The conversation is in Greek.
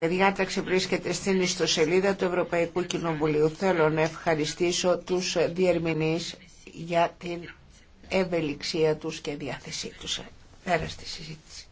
Η διάταξη βρίσκεται στην ιστοσελίδα του Ευρωπαϊκού Κοινοβουλίου. Θέλω να ευχαριστήσω τους διερμηνείς για την ευελιξία τους και διάθεσή τους. Πέρα στη συζήτηση.